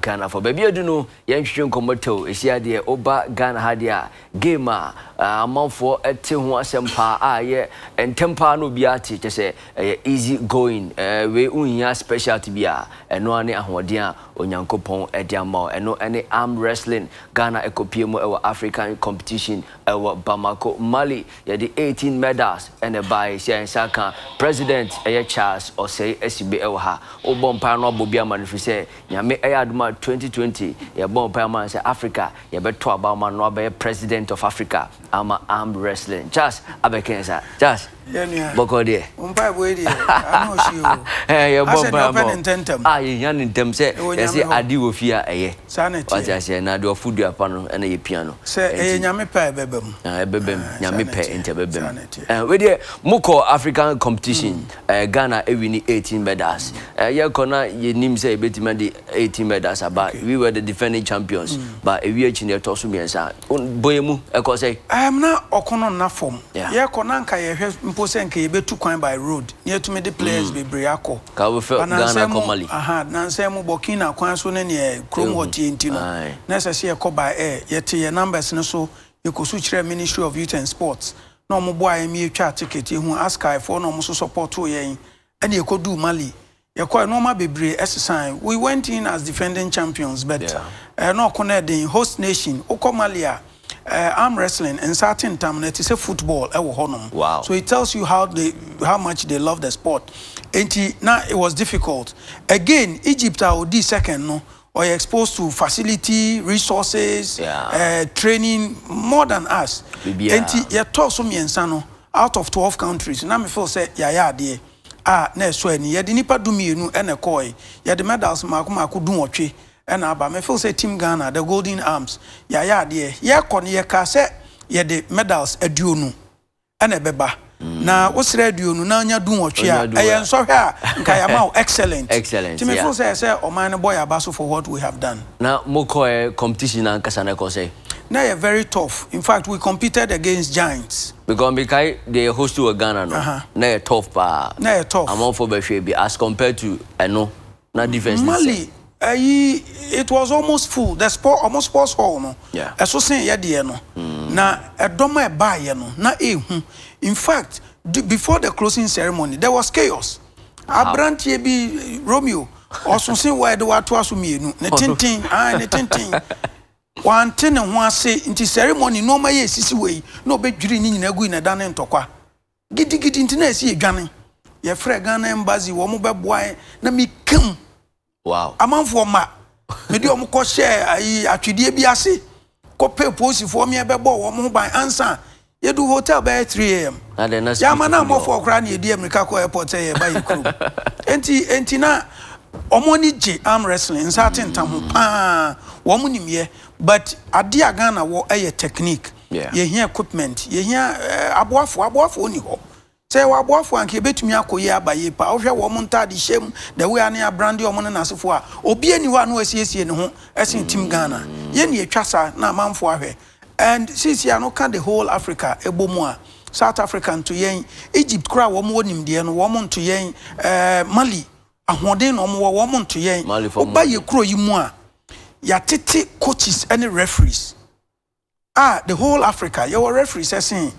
Ghana for baby you know yen hwehwe nkomoto ehia de oba Ghana ha uh, uh, uh, ah, de a game a amanfo ete ho asem pa a no entempa na obi ate kyese easy going eh special to specialty a ɛno ne ahoɔden a onyankopɔn de ama wo ɛno ne arm wrestling ghana ɛkɔpie mu ɛwɔ african competition ɛwɔ bamako mali yɛde 18 medals ɛna baeɛ sɛ yɛnsa ka president ɛyɛ charles ɔsɛe asibe ɛwɔ ha wobɔ mpae no abɔ bi ama no firi sɛ nyame ɛyɛ adoma 2020 yɛbɔ mpae ama no sɛ africa yɛbɛtɔ aba ama no abɛyɛ president of africa ama arm wrestling charles abɛkɛn sa charles bɔkɔ deɛ yɛbɔ brabɔ a yɛnya ne ntɛm sɛ yɛsɛ ade wɔ fie a ɛyɛ wate aseɛ na deɛ ɔfo duapa no ɛna yɛpia no ɛbɛbɛ mu nyame pɛ nti ɛbɛbɛ mu wedeɛ mokɔ african competition uh, ghana ɛwini 18 medals uh, eh, yɛkɔ na yɛnim sɛ yɛbɛtumi de 18 medals aba ah, we were the defending champions mm. but ɛwi akyi ne ɛtɔ so mmiɛnsa boyɛ mu ɛkɔ sɛ na ɔko no nna fam yɛkɔ na nka yɛhwɛ mpo sɛ nka yɛbɛtu kwan by road na yɛtumi de players mm. bebree akɔ nansɛ mu burkina kwan so ne neɛ kurom hɔ no na ɛsɛ sɛ yɛkɔ by air yɛte yɛ numbers no so yɛkɔsu kyerɛ ministry of youth and sports na ɔmoboa yɛm yɛtwa ticket yɛhu askifoɔ na ɔmo so supportoo yɛn ɛne yɛkɔduu mali yɛkɔɛ nneɛma bebree ɛsesan we went in as defending champions but ɛnɔɔko eh, no ɛden host nation wokɔ mali a yeah uh, arm wrestling and certain time it is a football ɛwɔ eh, hɔnom. wow so it tells you how they how much they love the sport nti now it was difficult again egypt a odi second no ɔyɛ exposed to facility resources yeah. uh, training more than us nti yɛtɔ so mmiɛnsa no out of twelve countries Now, me feel say yeah, sɛ yɛayɛ adeɛ a na ɛsɔ ani yɛde nipa du mmienu ɛna Yeah, the medals mako mako du wɔtwe ɛna aba mefeel sɛ team ghana the golden arms yɛayɛ adeɛ yɛkɔ no yɛka sɛ yɛde medals no. ɛna ɛbɛba mm. na wosrɛ aduonu na anya du wɔtwe a ɛyɛ nsɔhwɛ a nka yɛama wo excellent nti mefeel sɛ sɛ ɔman no bɔ yɛ aba so for what we have done na mokɔɛ eh, competition ankasa no ɛkɔ sɛ na yɛ very tough in fact we competed against giants because mikae deɛ host wɔ ghana no uh -huh. na yɛ tough paa na yɛ tough amanfoɔ bɛhwɛ bi as compared to ɛno eh, na defense mali ayi it was almost full the sport almost sports hall no ɛso sen yɛ deɛ no hmm. na ɛdɔm a ɛbaa yɛ no na ehu in fact before the closing ceremony there was chaos aberanteɛ bi romeo ɔsosen wɔ ɛde watoa so mmienu ne tenten aa ne tenten wante ne ho ase nti ceremony nneɛma yɛ esisi wɔ yi na ɔbɛdwiri ne nyinaa gu yi na ɛda ne ntɔkwa gidigidi nti na esi edwane yɛfrɛ ghana embassy wɔn bɛboa na mi kam. wow amanfoɔ ma mede ɔmo kɔ hyɛ ayi atwedeɛ bi ase kɔpɛ polisifoɔ mi ɛbɛbɔ wɔn ho ban ansa yɛdu hotel bɛyɛ 3 am yɛama no amɔfoɔ koraa ne yɛdi amerika kɔ airport sɛ yɛba yɛ kurom enti enti na ɔmo ani gye arm wrestling nsa atentam ho paa wɔn nimyɛ but adeɛ aga ghana wɔ yɛ technique yɛhia equipment yɛhia eh, aboafoɔ aboafoɔ ni hɔ sɛ waboafoɔ anka yɛbɛtumi akɔ yie aba yie paa wohwɛ wɔ m ntade hyɛ m da wei a ne abrande ɔmo ne n'asefoɔ a obi ani hɔ a na wasiesie ne ho ɛsen tim ghana yɛne ɛtwa saa na amanfoɔ ahwɛ and sisia no ka the whole africa ebo mu a south africa nto yɛn egypt koraa wɔn wɔ nimdeɛ no wɔn nto yɛn ɛɛ eh, mali ahoɔden na wɔn wɔ wɔn nto yɛn ɔba yɛ kuro yi mu a yɛatete coaches ɛne referees a ah, the whole africa yɛwɔ referees ɛsen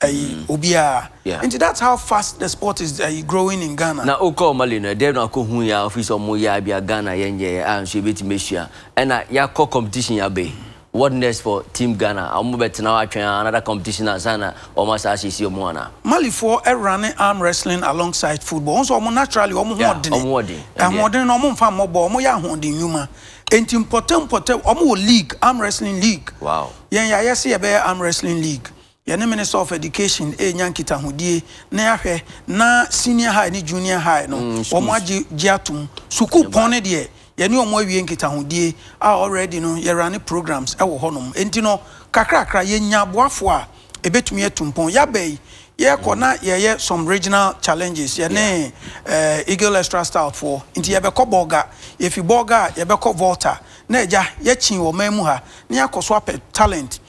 ayi eh, mm. that's how fast the sport is eh, growing in ghana. na o Malina, there náà dẹ́nu akóhun ya ọfíìsì ọmọ ya abia ghana yẹn yẹ And nso ebi ti mehyia ẹna yakọ competition ya bẹ what next for team ghana ọmọ bẹ tẹ̀lé wa twẹ́n another competition asana ọmọ asa ṣe si ọmọ ọ̀nà. malifoɔ eh, running arm wrestling alongside football wọn naturally, I'm naturally I'm hoɔden I'm ahoɔden na ọmọ nfa mɔbɔ ọmọ yɛ ahoɔden nnwuma nti mpɔtɛ mpɔtɛ ọmọ I'm league arm wrestling league Wow. Yeah, yeah. sɛ yɛ bɛ arm wrestling league yɛne minister of education ɛnya eh, nkitahodie na yɛahwɛ na senior high ne junior high no mm, wɔn agye gye atom sukuu pɔn ne deɛ yɛne wɔn awie nkitahodie a already no yɛrane programs ɛwɔ hɔnom nti no kakrakra yɛnya aboafo a ebetumi atum pɔn yaba yi yɛkɔ mm. na yɛyɛ some regional challenges yɛne eh eagle extra stout foɔ nti yɛbɛkɔ bɔɔga yɛfi bɔɔga a yɛbɛkɔ volta na ɛgya yɛkyin wɔ man mu ha na yɛakɔ so apɛ talent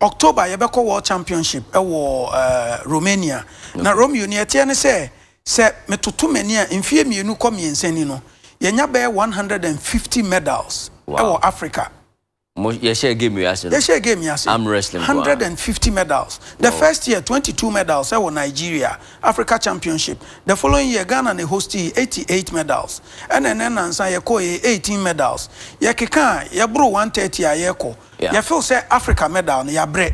october yɛbɛkɔ world championship ɛwɔ uh, romania okay. na romeo ne ɛteɛ ne sɛ sɛ metoto m'ani a mfeɛ mmienu kɔ mmiɛnsa ni no yɛnya bɛyɛ 150 medals ɛwɔ wow. africa yɛhyɛ game yi ase no yɛhyɛ game yi ase arm wrestling kwa 150 medals the first year 22 medals ɛwɔ nigeria africa championship the following year ghana na hosti 88 medals ɛna ɛnɛ nansa yɛkɔ yɛ 18 medals yɛkeka yɛboro 130 a yɛkɔ yɛfeel sɛ africa medal no yɛabrɛ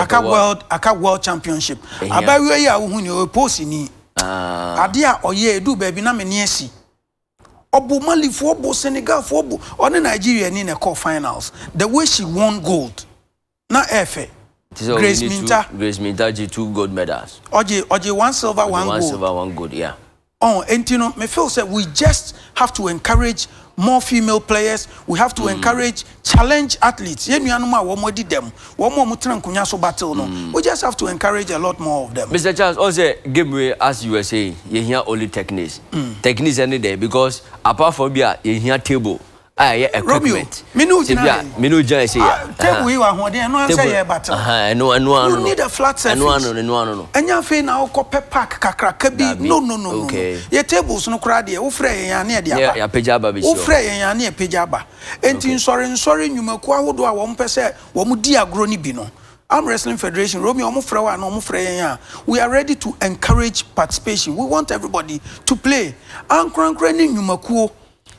aka world aka world championship abayewa yi a wohu ni o posi ni adeɛ a ɔyɛ edu baabi na mɛ ni esi ɔbu malifoɔ bu senegalfoɔ bu ɔne nigeria ni na ɛkɔ finals the way she won gold na ɛfɛ grace minta grace minta gye two gold medals ɔgye ɔgye one silver one, one gold one silver one gold yeah on enti no me feel say we just have to encourage more female players we have to mm. encourage challenge athletes yẹn nuanom a wɔn di dɛm wɔn a wɔn nkonnwa so battle no hmm. we just have to encourage a lot more of them. mr charles ɔsɛ game wey as usa yehia only techniques mm. techniques ɛni dɛ because apart from bi a yehia table a ah, ɛyɛ equipment romeo minnu gyina yi minnu gyina yi se ya ah, table yi wa ahoɔden ɛnu ansa yɛ bata ɛnu ɛnu ano no you need a flat surface ɛnu ano no no ɛnya afei na ɔkɔ pɛ park kakraka bi no no no no yɛ tables no koraa deɛ wofrɛ yɛn yɛn ani yɛ apagya aba bi si hɔ wofrɛ yɛn yɛn ani apagya aba nti nsɔre nsɔre nnwumakuo ahodoɔ a wɔn pɛ sɛ wɔn di agorɔ ni bi no Arm Wrestling Federation, Romeo Omufrewa and Omufreya, we are ready to encourage participation. We want everybody to play. Ankrankreni nyumakuo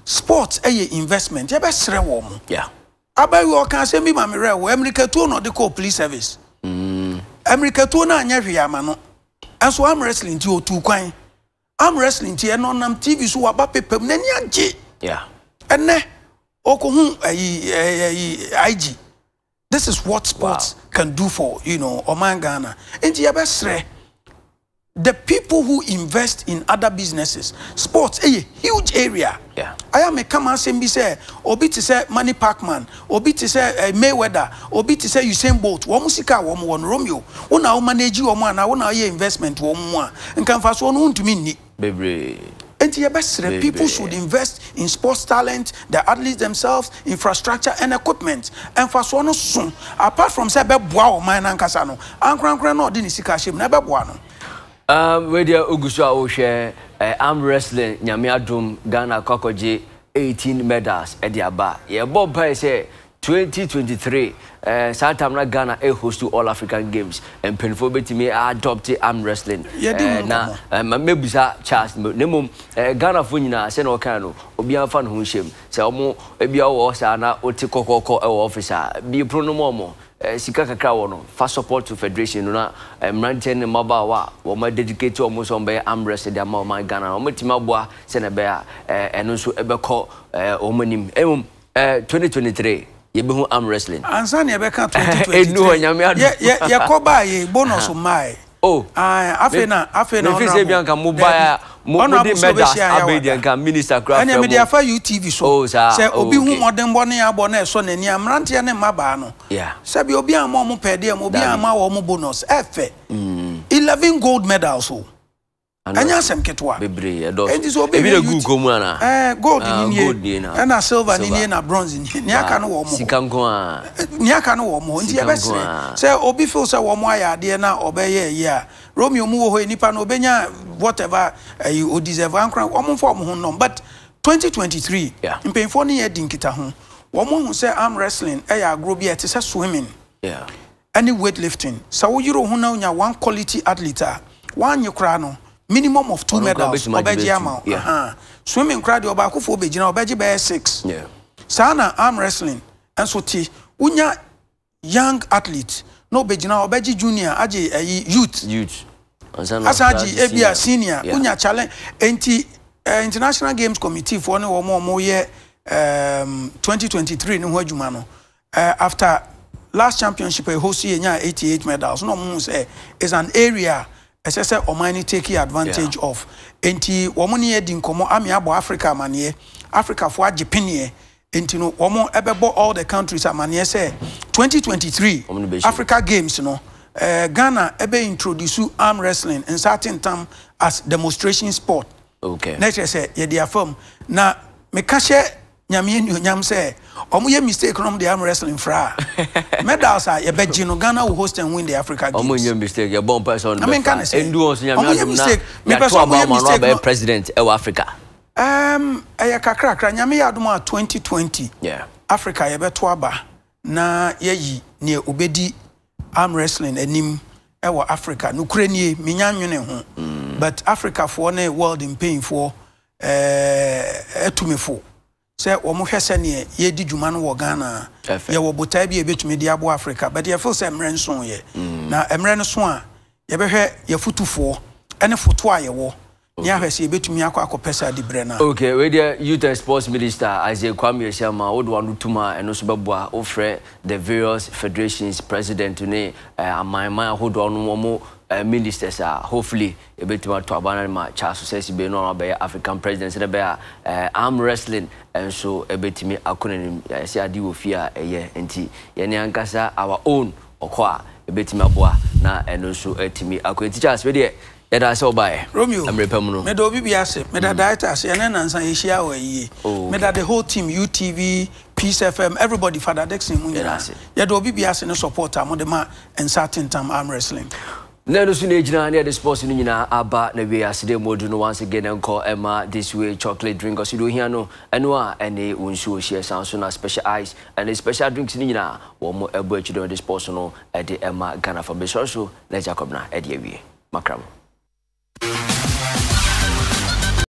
sports ɛyɛ eh, investment yɛbɛsrɛ wɔ mo abayewa ɔka asɛm bi ma me rɛ wɔ amirikatuo na ɔde kɔɔ police service mm. amirikatuo no anyɛ hwee ama no ɛnso arm wrestling nti ɔtu kwan arm wrestling nti ɛno eh, ɔnam tv so waba pepam n'ani agye ɛnɛ ɔkɔhu ayi ayi ig this is what sports wow. can do for you know Oman ghana nti yɛbɛsrɛ. Yeah the people who invest in other businesses sports a eh, huge area yeah. i am a and say me say obi to say manny pacman obi to say uh, mayweather obi to say usain bolt wɔn sika wɔn wɔn romeo wɔn a manage you a na wɔn a wɔyɛ investment wɔn mu a nkanfa so wɔn ntumi nni. bebree. nti yɛbɛsrɛ people should invest in sports talent the athletes themselves infrastructure and equipment ɛnfasoɔ no so apart from sɛ ɛbɛboa wɔn man nankasa no ankorankora na ɔde ne sika ahyɛ mu na ɛbɛboa no. Um, radio Ogusua Oshe, uh, eh, arm wrestling, Nyamia adum Ghana Kokogye, 18 medals, Ediaba. aba Bob Pai 2023 uh, saa time na ghana a host to all african games mpanyinfoɔ bɛtumi adopt arm wrestling uh, na uh, eh, mɛbusa charles ne mmom uh, eh, ghanafoɔ nyinaa sɛne ɔkaa no obiara fa ne ho nhyɛm sɛ ɔmo ebia wɔ saa na wote kɔkɔɔkɔ ɛwɔ ɔfis a biepro no mu sika kakra wɔ no fa support to federation no na mmeranteɛ ne mmabaawa a wɔma dedicate wɔn sɛ wɔbɛyɛ amrɛs de ama wɔn ghana wɔmatumi aboa sɛne ɛbɛyɛ a ɛno nso ɛbɛkɔ wɔn anim mmom 2023 yɛbɛhu arm wrestling. ansa ni yɛbɛka twenty twenty three ɛnu hɔ nyame adu yɛ yɛ kɔ baa yɛ bonus maa yɛ. o afei na afei na ɔnà mefisɛ bi anka mo baa mo mo de medals abedi anka minister kura fɛ mo ɛnna mede afa utv so oh, sɛ obi oh, hu mɔdenbɔ ne abɔ na ɛsɔ n'ani ameranteɛ ne mmabaa no sɛbi obi a ma ɔmo pɛɛdeɛ mu obi a ma wɔ ɔmo bonus ɛfɛ mm. eleven gold medals o. Oh. anya asɛm ketewa ɛnti sɛ wobɛɛna eh, ah, silver ne nie na bronze ni neaka no wɔ mɔ neaka eh, no wɔ mɔ nti yɛbɛserɛ sɛ obi fi sɛ wɔ mo ayɛ adeɛ na ɔbɛyɛ yi a romeo mu wɔ hɔ nipa no ɔbɛnya whatever eh, o ɔdeserve ankora ɔmomfa ɔmo ho nnɔm but 2023 mpanyimfoɔ no yɛ di nkita ho wɔn ho sɛ arm wrestling ɛyɛ agorɔ bi a ɛte sɛ swimming ɛne weight lifting sɛ woyere ho na wonya one quality athlete a woanye koraa no minimum of two medals ọbẹgye ama ọ swimming koraa deɛ ɔbaako fo bɛgyina ɔbɛgye bɛyɛ six saa na arm wrestling nso ti wonya young athlete na ɔbɛgyina ɔbɛgye junior agye ɛyi youth asan agye ebia senior wonya challenge nti eh, international games committee foɔ ne wɔn a wɔyɛ twenty twenty three adwuma no eh, after last championship a ɛhosi yɛ nya eighty medals na wɔn mu sɛ is an area ɛsɛ sɛ ɔman no take advantage yeah. of nti wɔn ne yɛ di nkɔmɔ ami abɔ africa amaneɛ africafoɔ agye pineɛ nti no wɔn ɛbɛbɔ all the countries amaneɛ sɛ 2023 africa games no ɛɛ eh, ghana ɛbɛ introduce arm wrestling in certain time as demonstration sport okay. na kyerɛ sɛ yɛde afam na meka hyɛ nyame anuonyam sɛ ɔmo yɛ mistake nom de am wrestling fra medals a yɛbɛgye no ghana will host and win the africa games ɔmo nyɛ mistake yɛbɔ mpa sɛ ɔno bɛfa ɛndu wɔn so nyame adom na yɛato aba ɔmo ano abɛyɛ president ɛwɔ africa um ɛyɛ kakrakra nyame yɛ adom a 2020 yeah. africa yɛbɛto aba na yɛyi nea obɛdi arm wrestling anim ɛwɔ africa nokorɛ nie menya nwene ho mm. but africafoɔ ne world mpanyimfoɔ ɛtumifo uh, sɛ wɔn hwɛ sɛnea yɛdi dwuma no wɔ ghana yɛwɔ botae bi a yɛbɛtumi de abo africa but yɛfo sɛ mmerɛ nson yɛ mm. na mmerɛ no so a yɛbɛhwɛ yɛfotufoɔ ne foto a yɛwɔ ni ahwɛ sɛ yɛbɛtumi akɔ akɔpɛ sɛ ade berɛ no ok wedeɛ youth and sports minister isaac kwame asiama wode wano tom a ɛno so bɛboa wofrɛ the various federations president ne eh, amanman ahodoɔ no wɔmo Eh, ministers a uh, hopefully yɛbɛtumi ato aba no ma charles sɛsi bɛ no a bɛyɛ african president sɛdɛ bɛyɛ a eh, arm wrestling nso eh, ɛbɛtumi akɔ n'anim yɛsɛ ade wɔ fie a ɛyɛ nti yɛne ankasa our own ɔkɔ a ɛbɛtumi aboa na ɛno nso atumi akɔ nti charles bɛdeɛ yɛda sɛ wobaɛ romeo mmerɛpɛ mu no meda obi bi ase meda mm. director ase ɛne nansa yɛhyia wɔ ayie oh, meda the whole team utv Peace FM, everybody, Father Dixon, Munya. Yɛde obi bi ase ne support a mo de ma nsa tentam arm wrestling. Nenu so negyina ne yɛde sports no nyinaa aba na wie asede mɔdu no once again nkɔ ɛma this way chocolate drink ɔsede ohia no ɛno a ɛne wo nsuo hyiɛ san so na special ice ɛne special drinks no nyinaa wɔ mo ɛbɔ akyi dɛ ɔde sports no ɛde ɛma ghana fa bɛsɔre so na jacob na ɛde awie makrabo